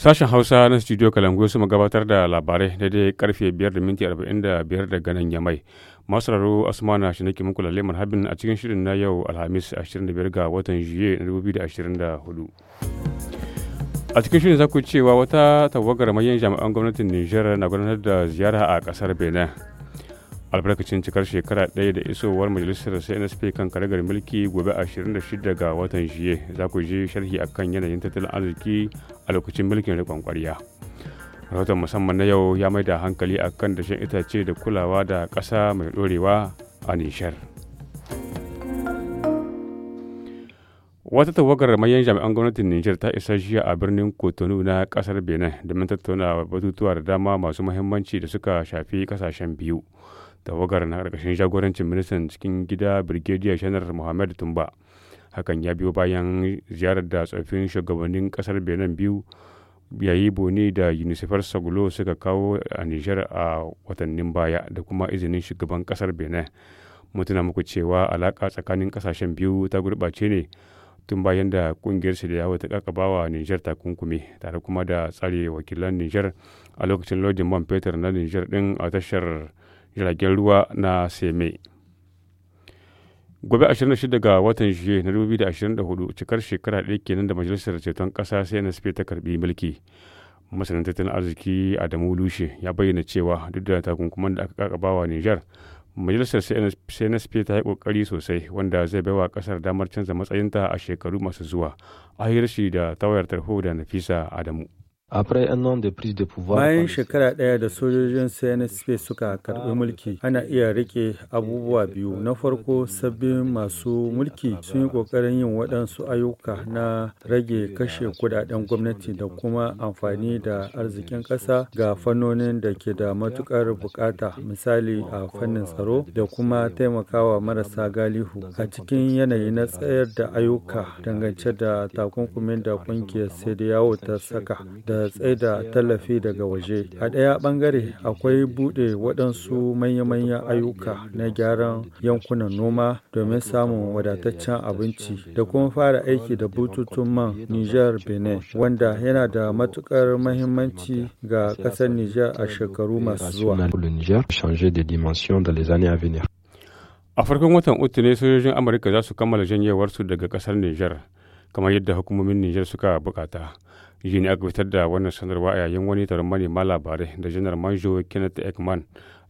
Sashen Hausa na Studio Kalangu su gabatar da labarai daidai karfe 5 da minti 45 daga nan yamai. Masu Asmana shi nake muku lalle marhabin a cikin shirin na yau Alhamis 25 ga watan Juye na 2024. A cikin shirin za ku cewa wata tawagar manyan jami'an gwamnatin Nijar na gudanar da ziyara a kasar Benin. albarkacin cikar shekara ɗaya da isowar majalisar cnsp kan karagar mulki gobe 26 ga watan shiye za ku ji sharhi akan yanayin tattalin arziki a lokacin mulkin rikon kwarya rahoton musamman na yau ya mai da hankali akan dashen itace da kulawa da ƙasa mai ɗorewa a nishar wata tawagar manyan jami'an gwamnatin nijar ta isa jiya a birnin kotonu na kasar benin domin tattauna batutuwa da dama masu muhimmanci da suka shafi kasashen biyu tawagar na karkashin jagorancin ministan cikin gida birgediya shanar mohammed tumba hakan ya biyo bayan ziyarar da tsoffin shugabannin kasar benin biyu yayi bone da unicefar sagulo suka kawo a nijar a watannin baya da kuma izinin shugaban ƙasar benin mutuna muku cewa alaka tsakanin ƙasashen biyu ta gurɓace ne tun bayan da kungiyar su da yawo ta kakabawa Nijar kunkume tare kuma da tsare wakilan Nijar a lokacin lodin man fetur na Nijar din a tashar jiragen ruwa na seme gobe 26 ga watan juye na 2024 cikar shekara ɗaya kenan da majalisar ceton ƙasa cnsp ta karbi mulki masanin tattalin arziki adamu lushe ya bayyana cewa duk da takunkuman da aka kakabawa nijar majalisar cnsp ta yi kokari sosai wanda zai baiwa kasar damar canza matsayinta a shekaru masu zuwa a hirshi da tawayar tarho da nafisa adamu Bayan shekara ɗaya da sojojin CNSP suka karɓi mulki, ana iya rike abubuwa biyu. Na farko, sabbin masu mulki sun yi ƙoƙarin yin waɗansu ayyuka na rage kashe kudaden gwamnati da kuma amfani da arzikin ƙasa ga fannonin da ke da matuƙar buƙata misali a fannin tsaro da kuma taimakawa marasa galihu a cikin yanayi na tsayar da ayyuka dangance da takunkumin da ƙungiyar yawo ta saka da tsaida tallafi daga waje a ɗaya ɓangare akwai buɗe waɗansu manya-manyan ayyuka na gyaran yankunan noma domin samun wadataccen abinci da kuma fara aiki da bututun man niger benin wanda yana da matukar mahimmanci ga ƙasar niger a shekaru masu zuwa a farkon watan uku ne sojojin amurka za su kammala janyewarsu daga kasar niger kamar yadda hukumomin niger suka bukata yi ne aka fitar da wannan sanarwa a yayin wani taron manema labarai da janar manjo kenneth ekman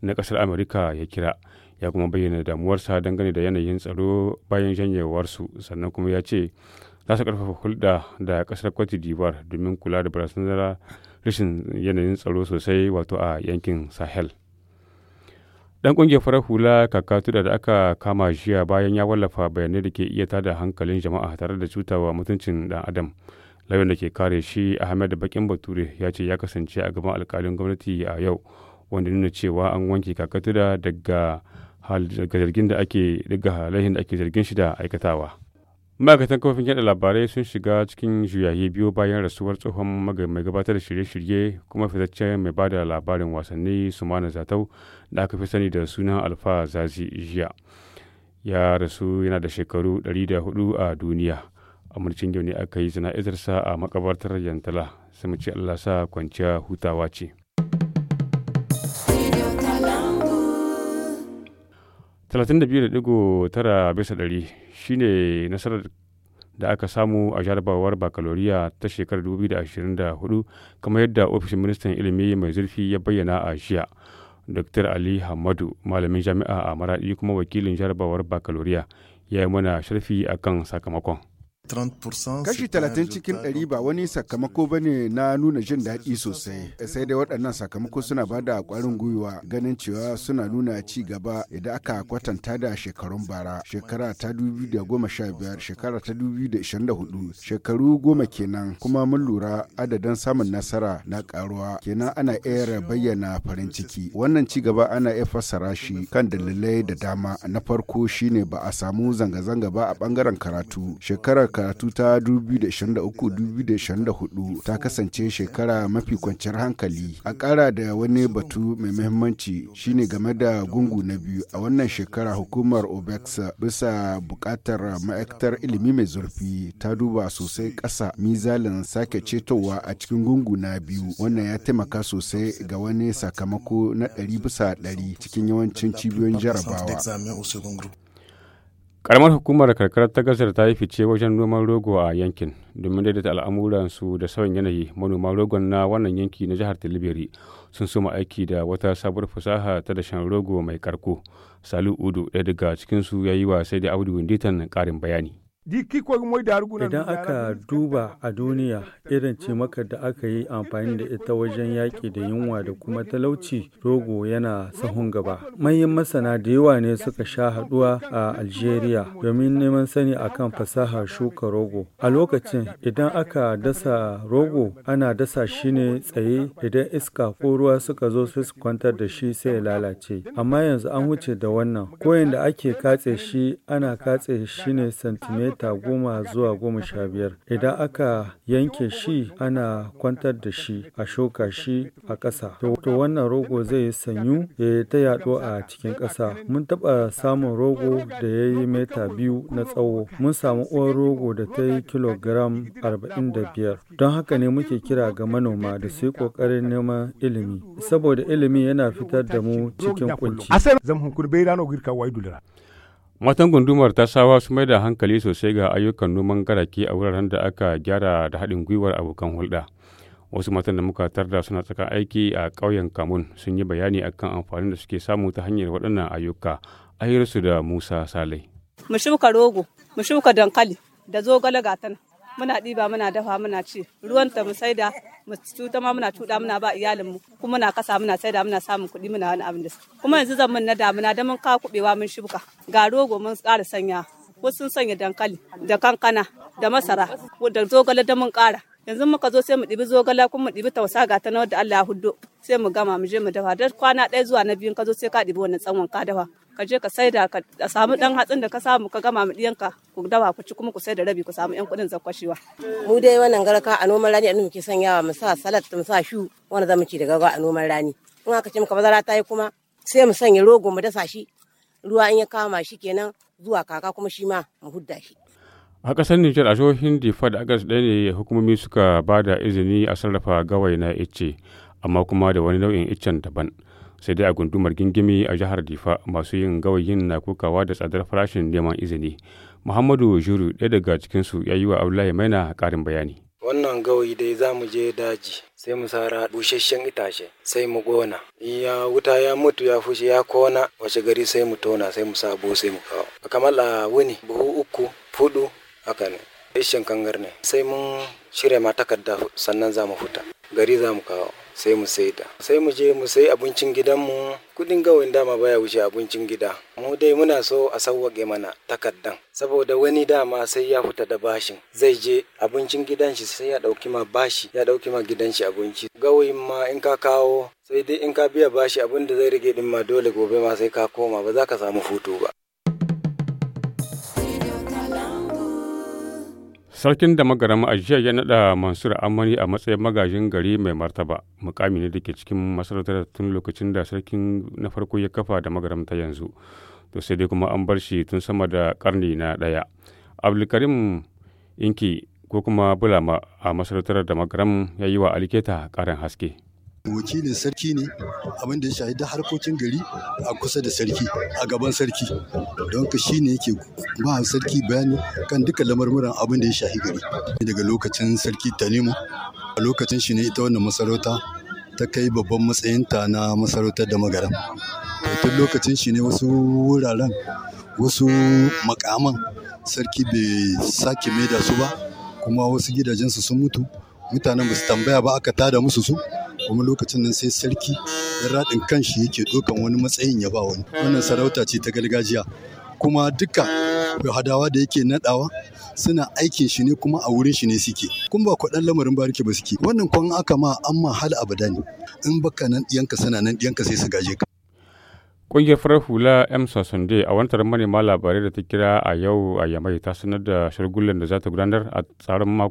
na kasar amurka ya kira ya kuma bayyana damuwarsa dangane da yanayin tsaro bayan janyewarsu sannan kuma ya ce za su karfafa hulɗa da kasar cote d'ivoire domin kula da barazanar rashin yanayin tsaro sosai wato a yankin sahel dan kungiyar farar hula kakatuda da aka kama jiya bayan ya wallafa bayanai da ke iya tada hankalin jama'a tare da cutawa mutuncin dan adam lauyan da ke kare shi ahmed bakin bature ya ce ya kasance a gaban alkalin gwamnati a yau wanda nuna cewa an wanke kakatura daga zargin da ake daga halayen da ake zargin shi da aikatawa ma'aikatan kafofin yada labarai sun shiga cikin juyayi biyu bayan rasuwar tsohon mai gabatar da shirye-shirye kuma fitacce mai bada labarin wasanni sumana zatau da aka fi sani da sunan alfa zazi jiya ya rasu yana da shekaru 104 a duniya amurcin yau ne aka yi sa a makabartar yantala sai mu ce allah sa kwanciya hutawa ce talatin da biyu da digo tara bisa ɗari shine nasarar da aka samu a jarabawar bakaloriya ta shekarar 2024 kamar yadda ofishin ministan ilimi mai zurfi ya bayyana a shiya dr ali hamadu malamin jami'a a maradi kuma wakilin jarabawar bakaloriya ya yi mana sharfi akan sakamakon kashi talatin cikin ɗari ba wani euh, sakamako ba ne na nuna jin daɗi sosai sai dai waɗannan sakamako suna ba da ƙwarin gwiwa ganin cewa suna nuna ci gaba idan aka kwatanta da shekarun bara shekara ta biyar shekara ta hudu shekaru goma kenan kuma mun lura adadin samun nasara na ƙaruwa. kenan ana iya bayyana farin ciki wannan ci gaba ana iya fassara shi kan dalilai da dama na farko shine ba a samu zanga-zanga ba a bangaren karatu shekarar karatu ta 2023-2024 ta kasance shekara mafi kwanciyar hankali. A kara da wani batu mai muhimmanci shine game da gungu na biyu a wannan shekara hukumar OBEX bisa bukatar ma'aikatar ilimi mai zurfi ta duba sosai kasa mizalin sake cetowa a cikin gungu na biyu. Wannan ya taimaka sosai ga wani sakamako na 100% bisa ɗari cikin yawancin cibiyoyin jarabawa. karamar hukumar karkar ta gasar ta yi fice wajen noman rogo a yankin domin daidaita al'amuransu da sauyin yanayi manoma rogon na wannan yanki na jihar tilibiri sun soma aiki da wata sabuwar fasaha ta dashen rogo mai karko salu udu ɗaya daga cikinsu ya yi wa sai da abudu winditan ƙarin bayani Idan aka duba a duniya irin cimakar da aka yi amfani da ita wajen yaƙi da yunwa da kuma talauci, rogo yana sahun gaba. Manyan masana da yawa ne suka sha haɗuwa a Algeria domin neman sani akan fasahar shuka rogo. A lokacin idan aka dasa rogo ana dasa shi ne tsaye idan iska ko ruwa suka zo su kwantar da shi sai lalace. Amma yanzu an wuce da wannan, koyanda ake katse shi ana katse shi ne kilomita goma zuwa goma sha biyar idan aka yanke shi ana kwantar da shi a shoka shi a ƙasa to wannan rogo zai sanyu ya eh, ta yaɗo a cikin ƙasa mun taɓa samun rogo da ya yi mita biyu na tsawo mun samu uwar rogo da ta yi kilogram biyar don haka ne muke kira ga manoma da su yi ƙoƙarin neman ilimi saboda ilimi yana fitar da mu cikin kunci. Matan gundumar ta sawa su mai da hankali sosai ga ayyukan noman garake a wuraren da aka gyara da haɗin gwiwar abokan hulɗa. Wasu matan da muka tarda suna tsakan aiki a ƙauyen Kamun sun yi bayani akan amfanin da suke samu ta hanyar waɗannan ayyuka. ayyarsu da Musa sale Mu shuka rogo, mu shuka dankali da zogale gatana. muna ɗiba muna dafa muna ci ruwan ta mu saida mu cuta ma muna cuɗa muna ba iyalin mu kuma muna kasa muna saida muna samun kuɗi muna wani abin da kuma yanzu zan mun na damuna da mun ka kuɓewa mun shuka ga rogo mun ƙara sanya wasu sun sanya dankali da kankana da masara da zogale da mun ƙara yanzu muka zo sai mu ɗibi zogala kuma mu ɗibi tausa ga ta na wadda Allah ya huddo sai mu gama mu je mu dafa da kwana ɗaya zuwa na biyun ka zo sai ka ɗibi wannan tsawon ka dafa ka je ka saida ka samu dan hatsin da ka samu ka gama mu diyanka ku dawa ku ci kuma ku da rabi ku samu yan kudin zakwashewa mu dai wannan garka a noman rani annu muke sanyawa mu sa salad mu sa shu wanda zamu ci daga a noman rani in aka ce muka bazara ta yi kuma sai mu sanya rogo mu dasa shi ruwa in ya kama shi kenan zuwa kaka kuma shi ma mu hudda shi a kasar nijar a jihohin difa da agas ɗaya ne hukumomi suka ba da izini a sarrafa gawai na ice amma kuma da wani nau'in icen daban sai dai a gundumar gingimi a jihar difa masu yin gawayin na kokawa da tsadar farashin neman izini muhammadu juru ɗaya daga cikinsu ya yi wa abdullahi maina karin bayani wannan gawayi dai za mu je daji sai mu sara busasshen itace sai mu gona ya wuta ya mutu ya fushi ya kona wace gari sai mu tona sai mu sabo sai mu kawo kamar a wuni buhu uku fudu haka ne ishin kangar ne sai mun shirya ma takarda sannan za mu fita gari za mu kawo sai mu saida sai mu je mu sai abincin gidanmu kudin gawain dama baya wuce abincin gida mu dai muna so a sauwaƙe mana takardan saboda wani dama sai ya fita da bashin zai je abincin gidan shi sai ya ɗauki ma bashi ya ɗauki ma gidan shi abinci gawain ma in ka kawo sai dai in ka biya bashi abin da zai rage din ma dole gobe ma sai ka koma ba za ka samu hutu ba Sarkin da magaram a jiya ya naɗa Mansur Amani a matsayin magajin gari mai martaba, mukami ne da ke cikin masarautar tun lokacin da sarkin na farko ya kafa da magaram ta yanzu. To sai dai kuma an bar shi tun sama da karni na ɗaya. Abdulkarim Inki ko kuma Bulama a masarautar da magaram ya yi wa Aliketa ƙarin haske. wakilin sarki ne abin da ya shahi da harkokin gari a kusa da sarki a gaban sarki don ka shi ne yake ba sarki bayani kan duka lamarmuran abin da ya shahi gari daga lokacin sarki tanimu a lokacin shi ne ita wannan masarauta ta kai babban matsayinta na masarautar da magaram tun lokacin shi ne wasu wuraren wasu makaman sarki bai sake mai da su ba kuma wasu gidajensu sun mutu mutanen ba su tambaya ba aka tada musu su kuma lokacin nan sai sarki ya raɗin kanshi yake ɗaukan wani matsayin ya ba wani wannan sarauta ce ta gargajiya kuma duka hadawa da yake naɗawa suna aikin shi ne kuma a wurin shi ne suke kun ba kwaɗan lamarin bariki ba suke wannan kwan aka ma an ma hal abada ne in baka nan ɗiyanka suna nan ɗiyanka sai su gaje ka Ƙungiyar farar hula M. sunday a wantar manema labarai da ta kira a yau a Yamai ta sanar da shirgullen da za ta gudanar a tsarin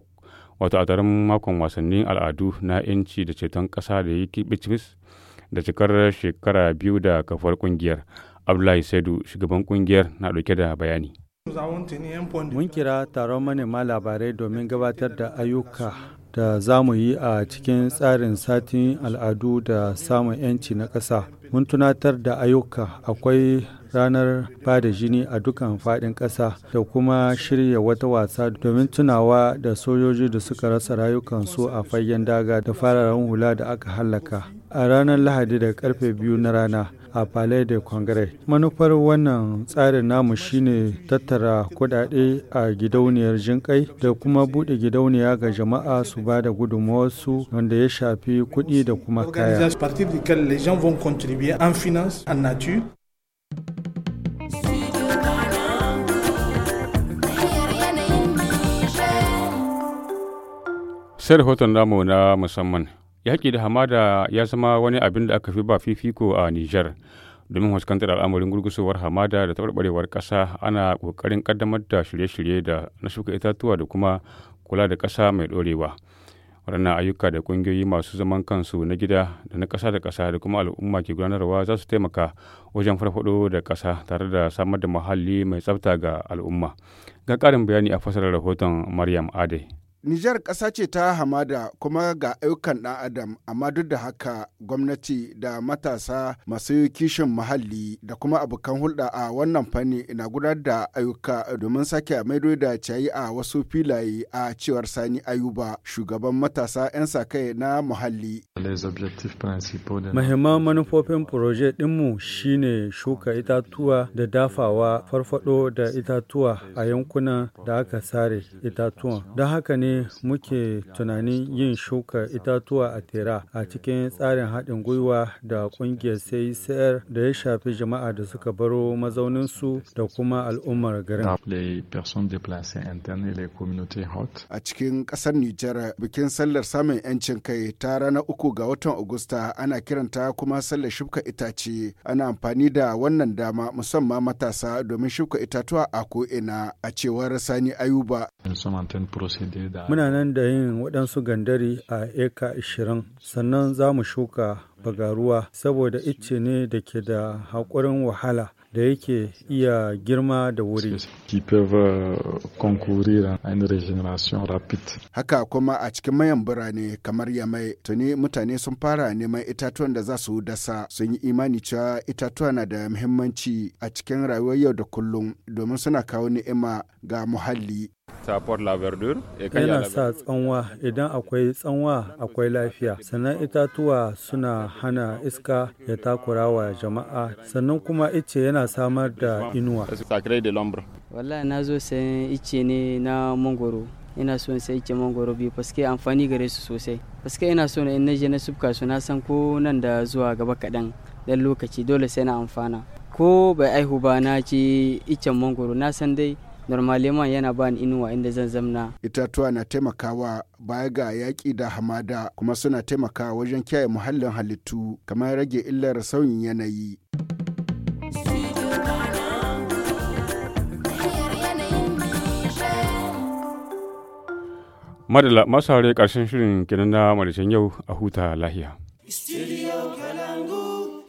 wato a daren makon wasannin al'adu na 'yanci da ceton kasa da yi da cikar shekara biyu da kafar kungiyar abdullahi saidu shugaban kungiyar na dauke da bayani mun kira taron manema labarai domin gabatar da ayyuka da za mu yi a cikin tsarin satin al'adu da samun 'yanci na ƙasa mun tunatar da ayyuka akwai ranar ba da jini a dukkan fadin kasa da kuma shirya wata wasa domin tunawa da sojoji da suka rasa rayukansu a fagen daga da fararen hula da aka hallaka a ranar lahadi da karfe biyu na rana a palais de congrès manufar wannan tsarin namu shine tattara kudade a gidauniyar jinkai da kuma buɗe gidauniya ga jama'a su ba da gudunmawarsu wanda ya shafi kuɗi da kuma kaya sai rahoton namu na musamman yaƙi da hamada ya zama wani abin da aka fi ba fifiko a nijar domin fuskantar al'amarin gurgusowar hamada da taɓarɓarewar ƙasa ana ƙoƙarin ƙaddamar da shirye-shirye da na shuka itatuwa da kuma kula da ƙasa mai ɗorewa waɗannan ayyuka da ƙungiyoyi masu zaman kansu na gida da na ƙasa da ƙasa da kuma al'umma ke gudanarwa za su taimaka wajen farfaɗo da ƙasa tare da samar da muhalli mai tsafta ga al'umma ga ƙarin bayani a fasarar rahoton maryam ade Nijar ƙasa ce ta hamada kuma ga ayyukan ɗan adam amma duk da haka gwamnati da matasa masu kishin muhalli da kuma abokan hulɗa a wannan fanni na gudanar da ayyuka domin sake maido da ciyayi a wasu filaye a cewar Sani Ayuba shugaban matasa 'yan kai na muhalli. Mahimman manufofin furoje ɗinmu shine shuka itatuwa da dafawa farfado da itatuwa a yankunan da aka sare itatuwa Don haka ne muke tunanin yin shuka itatuwa a tera a cikin tsarin haɗin gwiwa da ƙungiyar sayar da ya shafi jama'a da suka baro mazauninsu da kuma al'ummar garin. A cikin ƙasar Nijar bikin sallar samun 'yancin kai ta ranar uku ga watan Agusta ana kiranta kuma sallar shuka itace ana amfani da wannan dama musamman matasa domin shuka itatuwa a ko'ina a cewar Sani Ayuba. Muna nan da yin waɗansu gandari a eka 20 sannan za mu shuka bagaruwa saboda icce ne da ke da haƙurin wahala da yake iya girma da wuri. Euh, Haka kuma a cikin mayan birane kamar Yamai tuni mutane sun fara neman itatuwan da za su dasa sun yi imani cewa itatuwa na da muhimmanci a cikin rayuwar yau da kullum domin suna kawo ni'ima ga muhalli. yana sa tsanwa idan akwai tsanwa akwai lafiya sannan itatuwa suna hana iska ya takura wa jama'a sannan kuma ice yana samar da inuwa wallahi na zo sayan ice ne na mangoro ina son sai ice mangoro biyu paske amfani gare su sosai paske ina so in na je na subka su na san ko nan da zuwa gaba kaɗan dan lokaci dole sai na amfana ko bai aihu ba na ci icen mangoro na san dai normaleman yana bani inuwa inda zan zamna itatuwa na taimakawa baya ga yaƙi da hamada kuma suna taimakawa wajen kiyaye muhallin halittu kamar rage illar sauyin yanayi madala masu hare ƙarshen shirin kenan na marishin yau a huta lahiya.